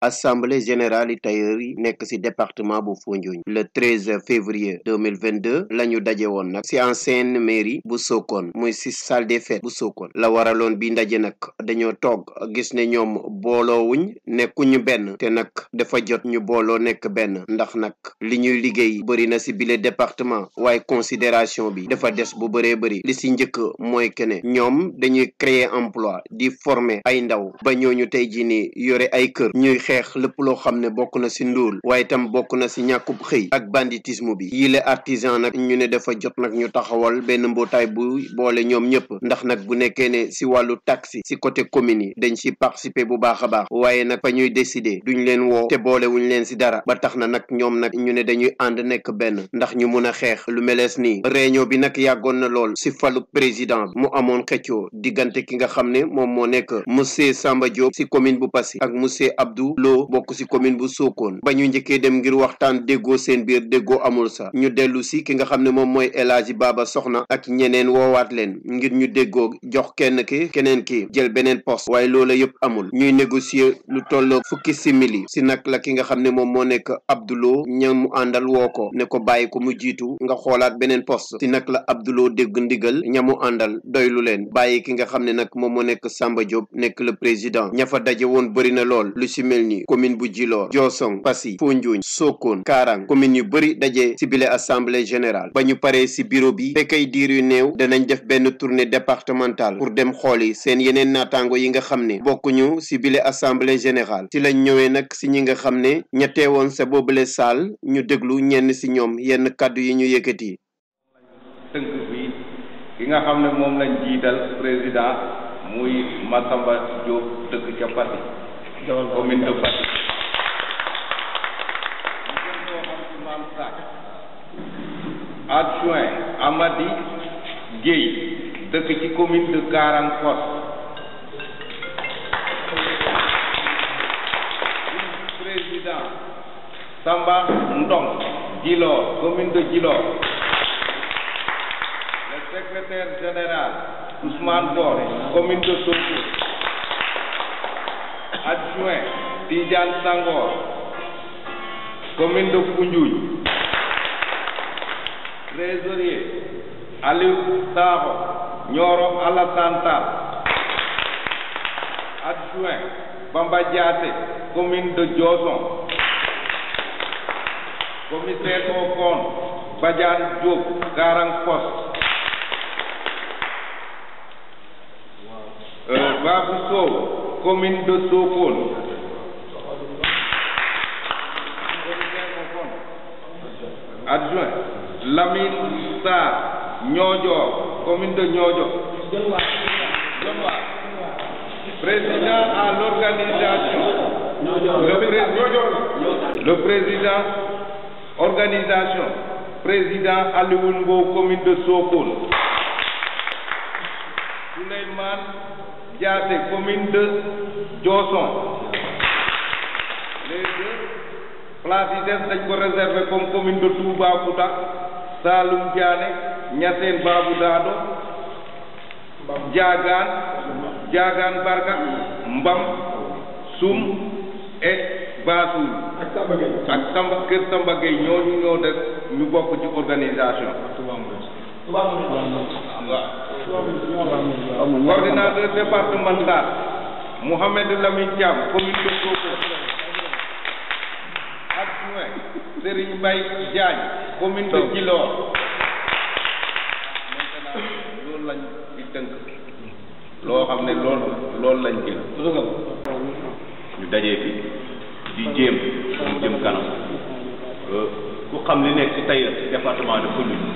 assemblée générale itaïri n'est que département bu le 13 février 2022 l'année ñu c'est en ci ancienne mairie bu Sokone muy ci salle des fêtes bu la waralon bi ndaje nag tog, toog gis ne ñoom ben, nekkuñu benn te nag dafa jot ñu bolo nek ben, ndax nak, li liggéey na bile département waye considération bi dafa des bu bëree bëri li ci njëkk créer emploi di former aindao, ndaw ba ñooñu tey ni yore ay kër xeex lépp loo xam ne bokk na si ndóol waaye tam bokk na si ñàkku xëy ak banditisme bi yile artisan nag ñu ne dafa jot nag ñu taxawal benn mbootaay bu boole ñoom ñëpp ndax nag bu nekkee ne si wàllu taxi si côté commune yi dañ si participer bu baax a baax waaye nag fa ñuy décider duñ leen woo te boole leen si dara ba tax na nag ñoom nag ñu ne dañuy ànd nekk benn ndax ñu mun a xeex lu melees nii réunion bi nag yàggoon na lool si falu président mu amoon xëccoo diggante ki nga xam ne moom moo nekk monsieur Samba Diop si commune bu Passy ak monsieur Abdou loo bokk ci commune bu sookoon ba ñu njëkkee dem ngir waxtaan déggoo seen biir déggoo amul sax ñu dellu si ki nga xam ne moom mooy El Baba Soxna ak ñeneen woowaat leen ngir ñu déggoo jox kenn ki keneen ki jël beneen poste waaye loola yëpp amul ñuy négocier lu tolloog fukki simili si nag la ki nga xam ne moom moo nekk Abdoulo ña mu àndal woo ko ne ko bàyyi ko mu jiitu nga xoolaat beneen poste si nag la Abdoulo dégg ndigal ña mu àndal doylu leen bàyyi ki nga xam ne nag moom moo nekk Samba Diop nekk le président ña daje woon bëri na lool si ni commune bu Djilor Diossong Passy Foundiougne Sokone Karang commune yu bëri dajee ci bile assemblée générale ba ñu paree ci bureau bi te kay diir yu néew danañ def benn tournée départementale pour dem xooli seen yeneen naataango yi nga xam ne bokkuñu ci bile assemblée général ci lañ ñëwee nag ci ñi nga xam ne ñetteewoon sa boobule saal ñu déglu ñenn ci ñoom yenn kàddu yi ñu yëkkati. tënk commune de Fatick adjoint Amady Guèye dëkk ci commune de Karankos président Samba Ndong Djilor commune de Djilor le secrétaire général Ousmane Dore commune de Sokone adjoint Tidiane Sangor commune de Foundiougne trésorier Aliou Sakho Nioro Alassane Tall adjoint Bamba Diaté commune de Dioson commissaire au compte Badiane Diop Karang commune de Sokol. Adjoint, Lamine sar Nyojok, commune de Nyodjo. Président à l'organisation. Le président, le président, organisation. Président à commune de Sokol. Souleymane Diaté, commune de Dioson. Les deux places dañ ko réserver comme commune de Touba Bouta Saloum Diané Niassène Babou Dado Diagane Diagane Barka Mbam Soum et Bassoul ak Tamba Kër Tamba Gueye ñooñu ñoo des ñu bokk ci organisation. coordinateur départemental Mouhamed Lamine Thiam commune de Koko adjoint Serigne Mbaye Diagne commune loolu lañ ci xam ne loolu lañ jël ñu dajee fi di jéem mu jëm kanam euh, ku xam li nekk ci tey département de commune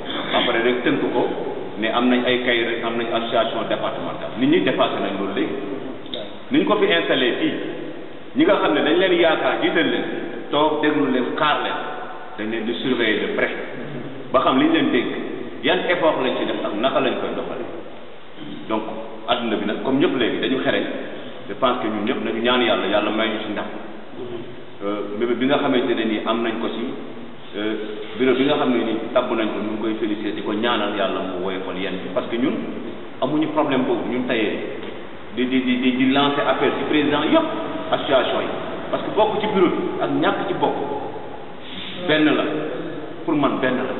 pare rek tënk ko ne am nañ ay kay rek am nañ association départementale nit ñi dépassé nañ loolu léegi ni ñu ko fi installé fii ñi nga xam ne dañ leen yaakaar jiital leen toog déglu leen xaar leen dañ leen di surveiller de ba xam li ñu leen dégg yan effort lañ ci def ak naka lañ koy doxale donc adduna bi nag comme ñëpp léegi dañu xere je pense que ñun ñëpp ñaan yàlla yàlla may ñu ci ndam mbébé mm-hmm. euh, bi nga xamante ne nii am nañ ko ci Euh, bureau bi nga xam ne ni tabb nañ ko ñu ngi koy félicité di ko ñaanal yàlla mu woyofal yenn bi parce que ñun amuñu problème boobu ñun tey di di di di di lancer affaire ci président yëpp association yi parce que bokk ci bureau bi ak ñàkk ci bokk benn la pour man benn la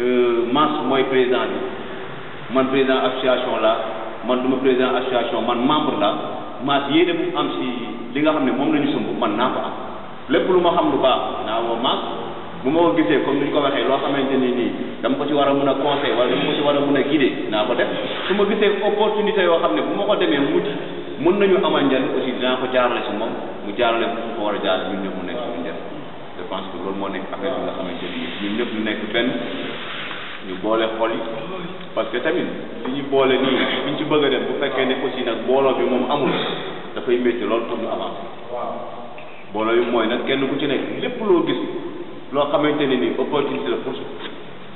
euh, Mass mooy président bi man président association la man duma président association man membre la Mass yéene bu am si li nga xam ne moom la ñu sumb man naa ko am lépp lu ma xam lu baax naa bu ma ko gisee comme ni ñu ko waxee loo xamante ni nii dama ko ci war a mën a conseil wala dama ko ci war a mën a guider naa ko def su ma gisee opportunité yoo xam ne bu ma ko demee mujj mën nañu amal njariñ aussi dinaa ko jaarale si moom mu jaarale ko war a jaar ñun ñëpp mu nekk suñu njariñ je pense que moo nekk affaire bi ñëpp ñu nekk benn ñu boole xol yi parce que tamit li ñu boole nii li ñu ci bëgg a dem bu fekkee ne aussi nag booloo bi moom amul dafay métti loolu pour ñu avancer. waaw booloo yi mooy nag kenn ku lépp loo loo xamante ne nii opportunité la pour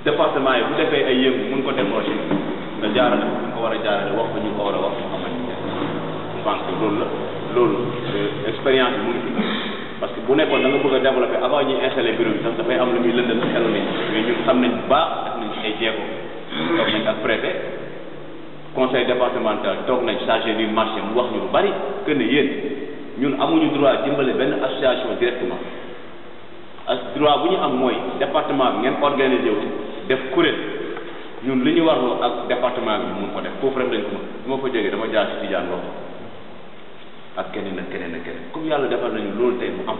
département yi bu defee ay yëngu mun ko décroché nga jaarale ko ñu ko war a jaarale wax ko ñu ko war a wax mu xamante ne loolu la loolu que bu nekkoon da nga bëgg a développé avant ñuy installé bureau bi sax dafay am lu muy lëndal si xelu nit mais nañ bu baax def nañ ay jéego toog nañ ak préfet conseil départemental toog nañ chargé du marché mu wax ñu lu bari que ne yéen ñun amuñu droit dimbale benn association directement ak droit bu ñu am mooy département bi ngeen organisé wu def kuréel ñun li ñuy wax warloo ak département bi mun ko def foofu rek lañ ko mën bu ma fa jaar ci keneen keneen comme yàlla defal nañu loolu tey mu am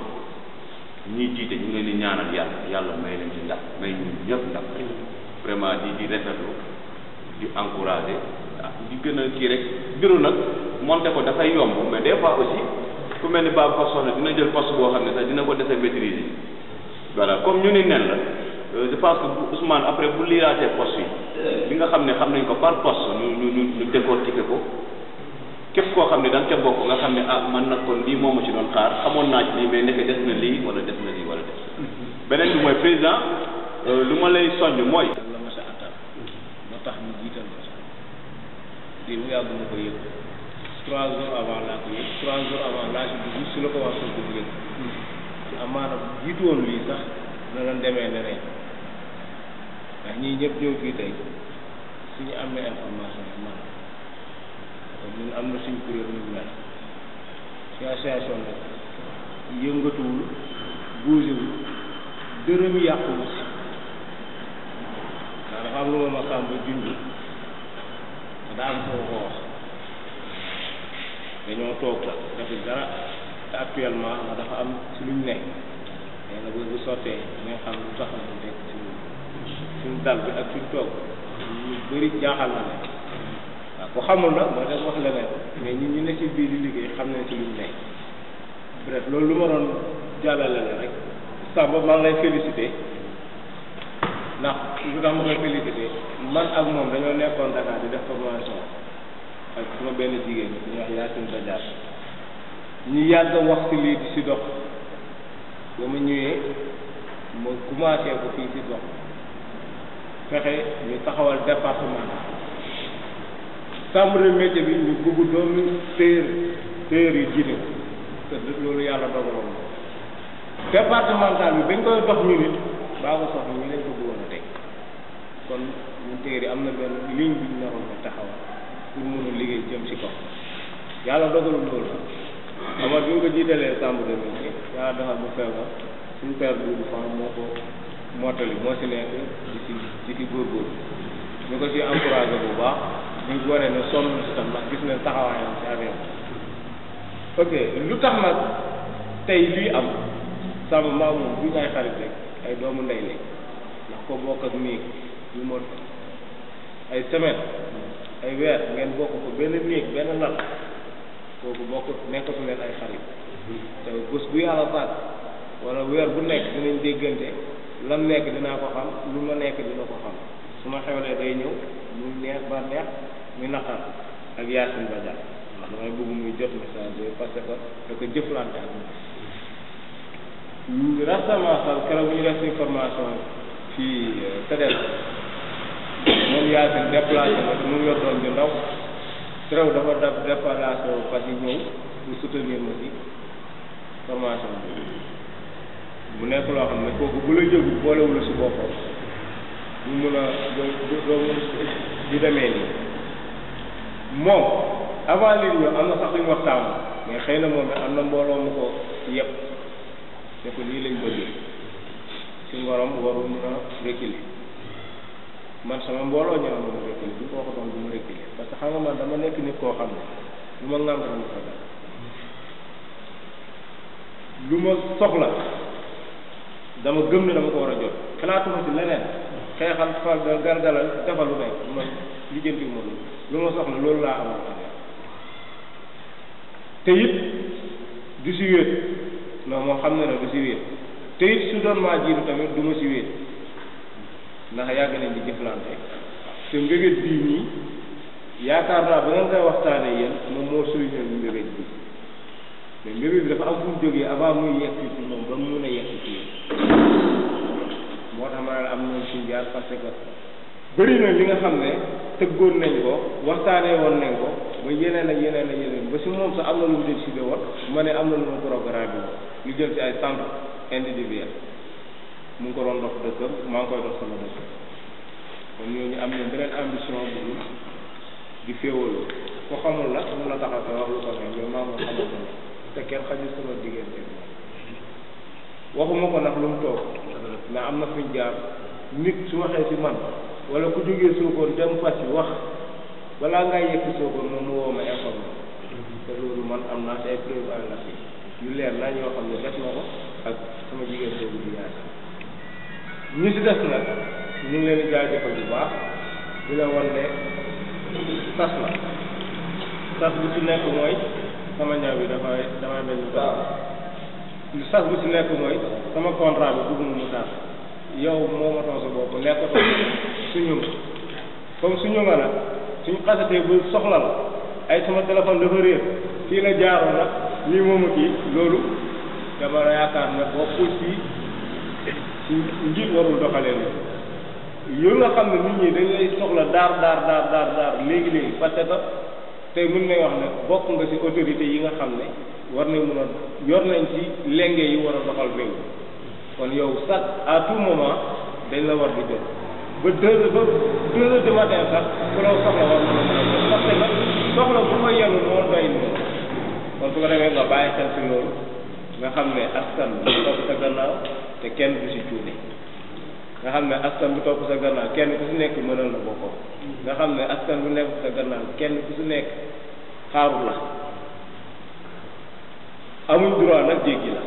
ñu jiite ñu ngi leen di ñaanal yàlla yàlla may leen ci ndax may ñun ñëpp ndax vraiment di di rafetlu di encourager ah di gën a kii rek bureau nag monté ko dafay yomb mais des fois aussi ku mel ni Babacar Soxna dina jël poste boo xam ne sax dina ko dese maîtriser. voilà comme ñu ni nen la euh, je pense que Ousmane après bu liiraatee poste yi bi nga xam ne xam nañ ko par poste ñu ñu ñu décortiquer ko képp koo xam ne da nga ca bokk nga xam ne ah man na kon lii moomu ci doon xaar xamoon naa ci lii mais nekk def na lii wala def na lii wala def beneen bi mooy président euh, lu ma lay soññ mooy. la ma sa attan amaana bu jiitoon lii sax dana demee neneen ndax ñii ñëpp ñëw fii tey suñu amee information yi man kon ñun am na suñ kuréel ñu mel ci association nag yëngatuwul bougewul dërëm yàquwu si dafa am lu ma ma sàmm junj daa am koo ko wax dañoo toog la def dara te actuellement nga dafa am ci luñ nekk mais nag bu sottee nga xam lu tax ñu nekk ci suñ dal bi ak suñ toog ñu bëri jaaxal na leen waaw ku xamul nag moo tax wax leneen mais ñun ñu ne ci biir di liggéey xam nañ ci luñ nekk bref loolu lu ma doon jàllale la rek Samba maa ngi lay félicité ndax lu tax ma koy félicité man ak moom dañoo nekkoon Dakar di def formation ak suma benn jigéen ñi ñuy wax Yacine Badiane ñu yàgg wax ci lii di dox ba ma ñëwee ma commencé ko fii si dox fexe ñu taxawal département chambre de bi ñu bugg doomu téer téer yi jiite loolu yàlla dogaloon départemental bi bañ koy dox ñu baa ko soxla ñu leen ko bëggoon a teg kon ñun téer yi am na benn ligne bi ñu naroon ko taxawal pour mun liggéey jëm si kaw yàlla dogalul loolu Amath bi mu ko jiitalee Samb de bi yaa dafa bu feebar suñu père Doudou Fall moo ko mottali moo si nekk di si di si góorgóorlu ñu ko si encouragé bu baax ñu wane ne sonn si tam ndax gis nañ taxawaayam si affaire ok lu tax nag tey lii am Samb maa moom duñ ay xarit rek ay doomu ndey lañ ndax ko bokk ak néeg ñu mot ay semaine ay weer ngeen bokk ko benn néeg benn lal kooku bokk nekkatu leen ay xarit te bés bu yàlla baat wala weer bu nekk dinañ déggante lam nekk dinaa ko xam lu ma nekk dina ko xam su ma xew xewlee day ñëw muy neex ba neex muy naqar ak yaasin ba jaar damay bëgg muy jot message yooyu parce que da ko jëflante ak moom rastamasal keroog bu ñu def information fii euh, tëddeel moom yaasin déplacé na mu yor doon bi ndaw Sorew dafa def déplacé wu Fatick ñëw pour soutenir ma ci formation bi nekk loo xam ne kooku bu la jógu boolewul si boppam mu mun a doo mun di demee nii moom avant li ñu am na sax luñ waxtaan xëy na moom am na mbooloo mu ko yëpp ne ko lii lañ bëgg si ngorom warul mun a reculer man sama mbooloo ñëwoon ba mu reculer man dama nekk nit koo xam ne lu ma dama soxla dama gëm ne dama ko war a jot xalaatuma si leneen xeexal fal gargalal defal lu lu ma soxla loolu laa am te it du si wéet non moom xam na ne du si wéet ndax yàgg nañ di jëflante te mbébét bii nii yaakaar naa ba ngeen koy waxtaane yéen moom moo solution bi mbébét bi mu jógee avant muy yegg moo tax ma ne am nañ suñ jaar parce que bëri na li nga xam ne tëggoon nañ ko waxtaanee woon nañ ko ba yeneen ak yeneen ak yeneen ba si moom sax am na lu mu décidé woon ma ne am na lu mu programme bi lu jëm ci ay centre individuel mu ngi ko doon dox dëkkam maa ngi koy dox sama dëkk kon ñooñu am nañ beneen ambition bu dul di féewaloo ko xamul la mu la taxaw wax lu ko ne mais maa ngi xamal ko waxuma ko nag lu mu toog mais am na fuñ jaar nit su waxee ci man wala ku jógee Sokone dem Fass wax balaa ngaa yegg Sokone moom mu woo ma informé te loolu man am naa ay preuve en yu leer naa ñoo xam ne def na ko ak sama jigéen boobu di yaakaar. ñu si des nag ñu ngi leen di jaajëfal bu baax di la wan sas la sas bu ci nekk mooy sama ñaw bi dafay damay mel ni baax lu sas bu ci nekk mooy sama contrat bi bëgg mu taal yow moo ma nekk sa bopp nekkatoo suñu comme suñu nga nag suñu xasatee bu soxla la ay sama téléphone dafa réer fii la jaaroon nag lii moomu kii loolu dama yaakaar ne bokkul ci njiit warul doxalee noonu yooyu nga xam ne nit ñi dañ lay soxla daar daar daar daar daar léegi léegi parce que tey mën nañ wax ne bokk nga ci autorité yi nga xam ne war nañ mën a yor nañ ci lenge yi war a doxal réew kon yow sax à tout moment dañ la war di jot ba deux ba deux heures du matin sax ku la soxla war na la mën a jot parce que soxla bu ma yenu moo doy nii kon su ko bàyyi xel ci loolu nga xam ne askan bu topp sa gannaaw te kenn du si cuune nga xam ne askan bu topp sa gannaaw kenn ku si nekk mënal na boppam nga xam ne askan bu nekk sa gannaaw kenn ku si nekk xaaru la amuñ droit nag jéggi la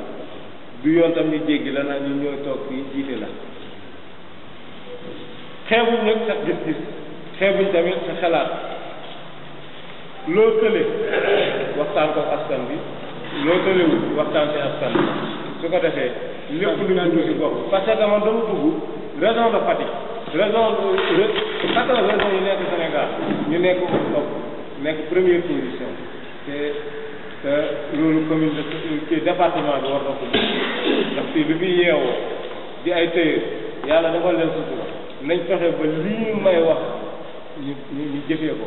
du yoon tam ñu jéggi la nag ñu ñooy toog fii jiite la xeebuñ nag sax gis-gis xeebuñ tamit sa xalaat loo tële waxtaan ko askan bi loo tëlewul waxtaan si askan su ko defee lépp lu ñu dugg ko parce que man dama dugg région de Fatick région quatre régions yi nekk Sénégal nekk top nekk première position te te loolu commune de ci département bi war na ko ndax fii bi muy yeewoo di ay tëye yàlla dafa leen sutura nañ fexe ba li may wax ñu ñu jëfee ko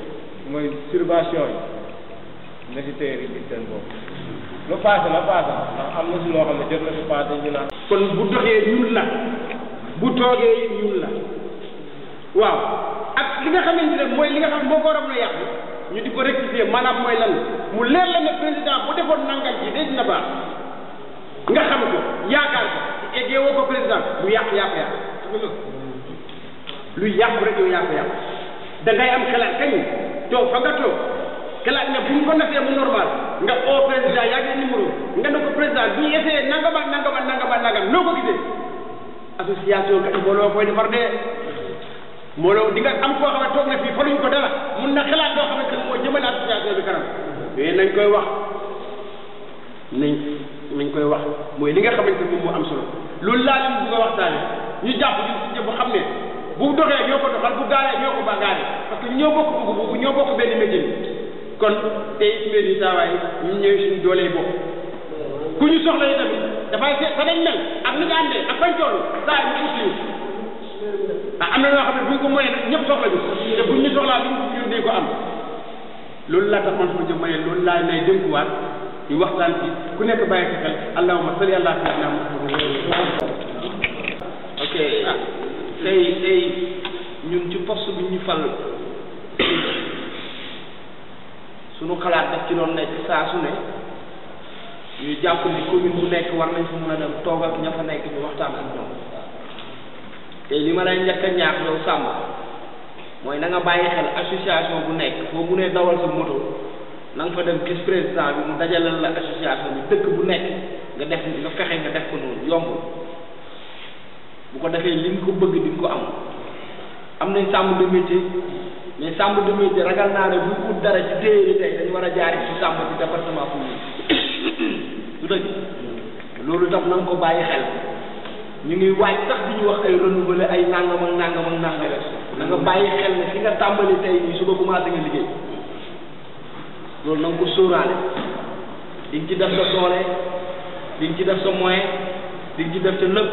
mooy subvention yi na si tëye yi seen bopp lu paase la paase la ndax am na si loo xam ne jot na si paase ñu naan. kon bu doxee ñun la bu toogee ñun la waaw ak li nga xamante ne mooy li nga xam moo ko waroon ñu di ko rectifier maanaam mooy mu leer président bu defoon nangam ji day dina baax nga xam ko yaakaar ko ci eggee woo ko président lu yàq yàq yàq lu yàq rek am xalaat kañ toog fa nga toog. kalaat nga bu ñu ko nafee mu normal nga oo président yaa ngi numéro nga ne ko président bi ñu essayé nangam ak nangam ak noo ko gisee association kat mbooloo koy defar de mbooloo di nga am koo xam ne toog na fii faluñ ko dara mun na xalaat loo xam ne kat koy wax nañ nañ mooy li nga xamante moom moo am solo a waxtaane ñu jàpp ñu bu xam ne bu doxee ñoo ko doxal bu gaaree ñoo ko ba gaaree parce que ñoo bokk bëgg bu ñoo bokk benn métier kon tey suñu saawaay ñun ñooy suñu doolee bopp ku ñu soxla yi tamit dafay seet fa mel ak ni nga àndee ak bañ saa yi ñu suñu ah am na loo xam ne bu ñu ko moyee nag ñëpp soxla te bu ñu soxlaa bi ñun dañ ko am loolu laa tax man su ma jëm loolu laa nay dénkuwaat ñu waxtaan ci ku nekk bàyyi ci xel allahumma salli ala sayyidina Muhammad ok ah, tey tey ñun ci poste bi ñu fal suñu xalaat daf ci doon nekk saa su ne ñu jàpp ni commune bu nekk war nañ fa mën a dem toog ak ña fa nekk ñu waxtaan ak ñoom te li ma lay njëkk a ñaax yow sàmm mooy nanga bàyyi xel association bu nekk foo mu ne dawal sa moto na nga fa dem gis président bi mu dajalal la association bi dëkk bu nekk nga def nga fexe nga def ko noonu yombul bu ko defee li nga ko bëgg di ko am am nañ chambre de métier mais chambre de métier ragal naa ne bu ut dara ci téye yi tey war a jaari ci chambre du département pour ñu dëgg loolu tam na ko bàyyi xel ñu ngi waaj sax bi ñu wax ay renouveler ay nangam ak nangam ak nangam na nga bàyyi xel ne fi nga tàmbali tey nii suba commencé nga liggéey loolu na ko sóoraale di ci def sa doole di ci def sa moyen di ci def sa lépp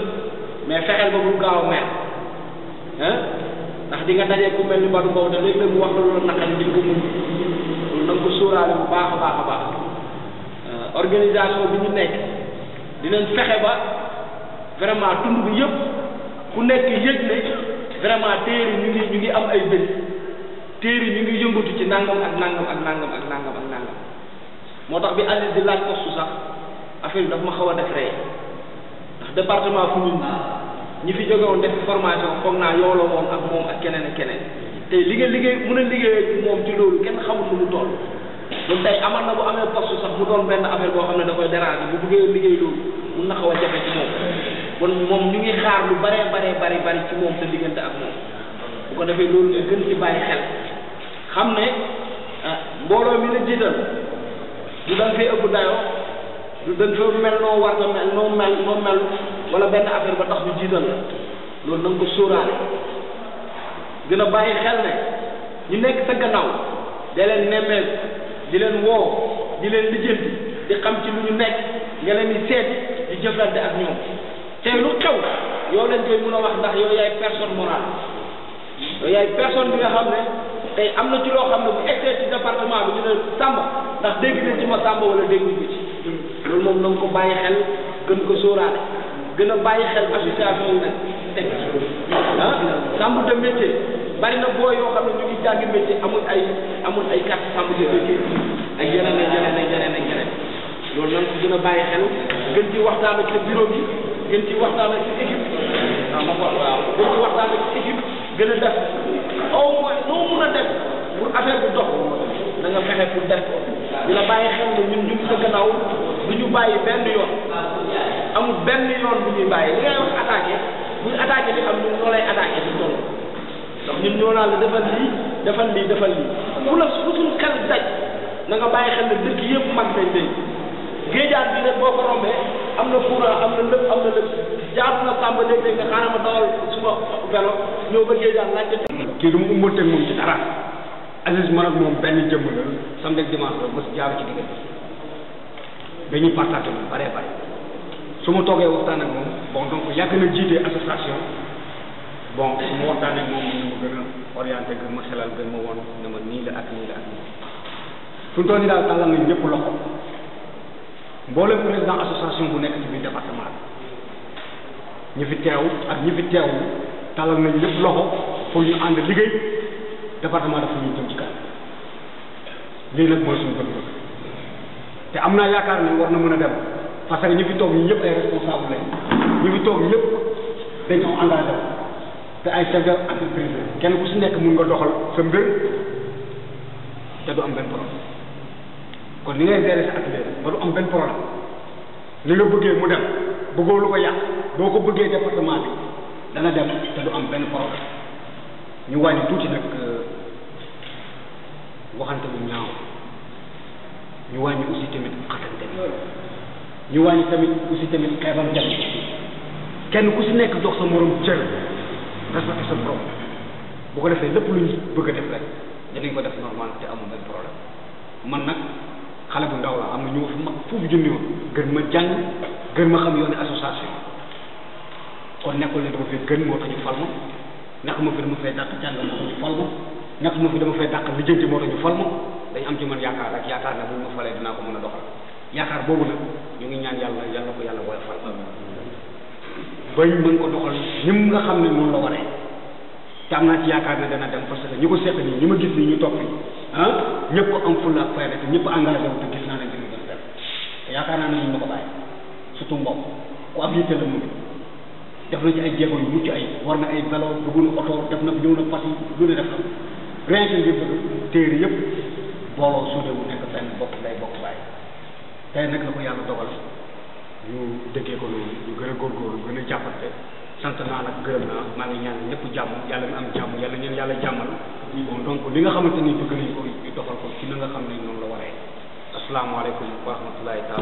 mais fexeel ba bu gaaw a ndax di nga dajee ku mel ni Badou Mbow te léegi mu wax la loolu naqari di ko mun bu baax a baax a baax euh, organisation bi ñu nekk dina fexe ba vraiment tund bi yëpp ku nekk yëg ne vraiment téere ñu ngi ñu ngi am ay bés téere ñu ngi yëngatu ci nangam ak nangam ak nangam ak nangam moo tax bi Aziz di laaj postu sax affaire bi ma xaw a def ree ndax département fu ñun ñi fi jóge woon def formation foog naa yooloo woon ak moom ak keneen ak keneen te li nga liggéey mën a liggéey moom ci loolu kenn xamul nu mu toll loolu tey amal na bu amee poste sax mu doon benn affaire boo xam ne da koy déranger bu bëggee liggéey loolu mun na xaw a jafe ci moom kon moom ñu ngi xaar lu baree baree bari bari ci moom sa diggante ak moom bu ko defee loolu nga gën ci bàyyi xel xam ne ah, mbooloo mi la jiital du dañ fay ëpp dayoo du dañ fa mel na mel noo wala benn affaire ba tax ñu jiital la loolu na ko sóoraale gën a bàyyi xel ne ñu nekk sa gannaaw de leen nemmeel di leen woo di leen lijjanti di xam ci lu ñu nekk nga leen di seet di jëflante ak ñoom te lu xew yow leen koy mën a wax ndax yow yaay personne morale yow yaay personne bi nga xam ne tey am na ci loo xam ne bu egsee ci département bi ñu ne Samba ndax dégg nañ ci ma Samba wala dégguñ ko ci loolu moom na nga ko bàyyi xel gën ko sóoraale gën a bàyyi xel association yi nag teg ah chambre de métier bari na boo yoo xam ne ñu ngi jàngi métier amul ay amul ay carte chambre de métier ak yeneen ak yeneen ak yeneen ak yeneen loolu nan ko gën a bàyyi xel gën ci waxtaan ak sa bureau bi gën ci waxtaan ak sa équipe ah ma wax waaw gën ci waxtaan ak sa équipe gën a def au moins noo mun a def pour affaire bu dox da fexe pour def ko di bàyyi xel ne ñun ñu sa gannaaw du ñu bàyyi benn yoon amul benn yoon bu ñuy bàyyi li ngay wax attaqué buñ attaqué di xam ñun ñoo lay attaqué di defal lii defal lii defal lii ku la ku suñ daj na nga bàyyi xel ne dëkk yëpp mag nañ tey géejaan bi ne boo ko rombee am na courant am na lépp am na lépp jaatu na sàmba léeg-léeg nga xaaral ma dawal suma vélo ñëw ba géejaan laaj ca kii du mu umbanteeg moom ci dara Aziz man ak moom benn jëmm la samedi ak dimanche la mos jaar ci diggante dañuy partage moom baree bare su ma toogee waxtaan ak moom bon donc yàgg na jiite association bon su ma waxtaan ak moom mën na ma gën a orienté gën ma xelal gën ma woon ne ma nii la ak nii la ak nii fu mu toll daal tàllal nañ ñëpp loxo mboolem bu nekk ci département bi ñu fi teew ak ñi fi teewul loxo pour ñu ànd liggéey département ci kanam lii nag mooy suñu bëgg te am naa yaakaar ne war na mën a dem. parce que ñu fi toog ñu ñëpp ay responsable lañ ñu fi toog ñëpp dañoo engagé te ay chef d'entreprise kenn ku si nekk mun nga doxal sa mbir te du am benn problème kon ni ngay gérer sa atelier ba du am benn problème li nga bëggee mu dem bëggoo lu ko yàq boo ko bëggee département bi dana dem te du am benn problème ñu wàññi tuuti nag euh, waxante bu ñaaw ñu wàññi aussi tamit xatante bi ñu wàññi tamit aussi tamit xeebal njàng kenn ku si nekk dox sa morom cër respecté sa borom bu ko defee lépp lu ñu bëgg a def rek dinañ ko def normal te amul benn problème man nag xale bu ndaw la am na ñu fi mag foofu gën ma jàng gën ma xam yoonu association kon nekkul ne dama fee gën moo tax ñu fal ma nekk ma fi dama fay jàng moo tax ñu fal ma nekk ma fi dama fay dàq lijjanti moo tax ñu fal ma dañ am ci man yaakaar rek yaakaar ne bu ma falee dinaa ko mën a doxal yaakaar boobu nag ñu ngi ñaan yàlla yàlla ko yàlla woyofal bañ mën ko doxal ni mu nga xam ne noonu la waree te am naa ci yaakaar ne dana dem parce que ñi ko seq nii ñi ma gis nii ñu topp ah ñëpp am fulla ak fayda te ñëpp engagé wu te gis naa ne yaakaar naa ne ñu ma ko bàyyi surtout ay jéego yu na ay vélo dugg na oto def na ñëw na fas yi lu ne def na rien que ngir téere yëpp booloo suude wu nekk fenn bokk day bokk. tey nag la ko yàlla dogal ñu déggee ko noonu ñu gën a góorgóorlu gën a jàppante sant naa nag gërëm naa maa ngi ñaan ñëpp jàmm yàlla mi am jàmm yàlla ñeen yàlla jàmmal bon donc li nga xamante ni bëgg nañ ko ñu doxal ko ci na nga xam ne noonu la waree asalaamaaleykum wa rahmatulahi taala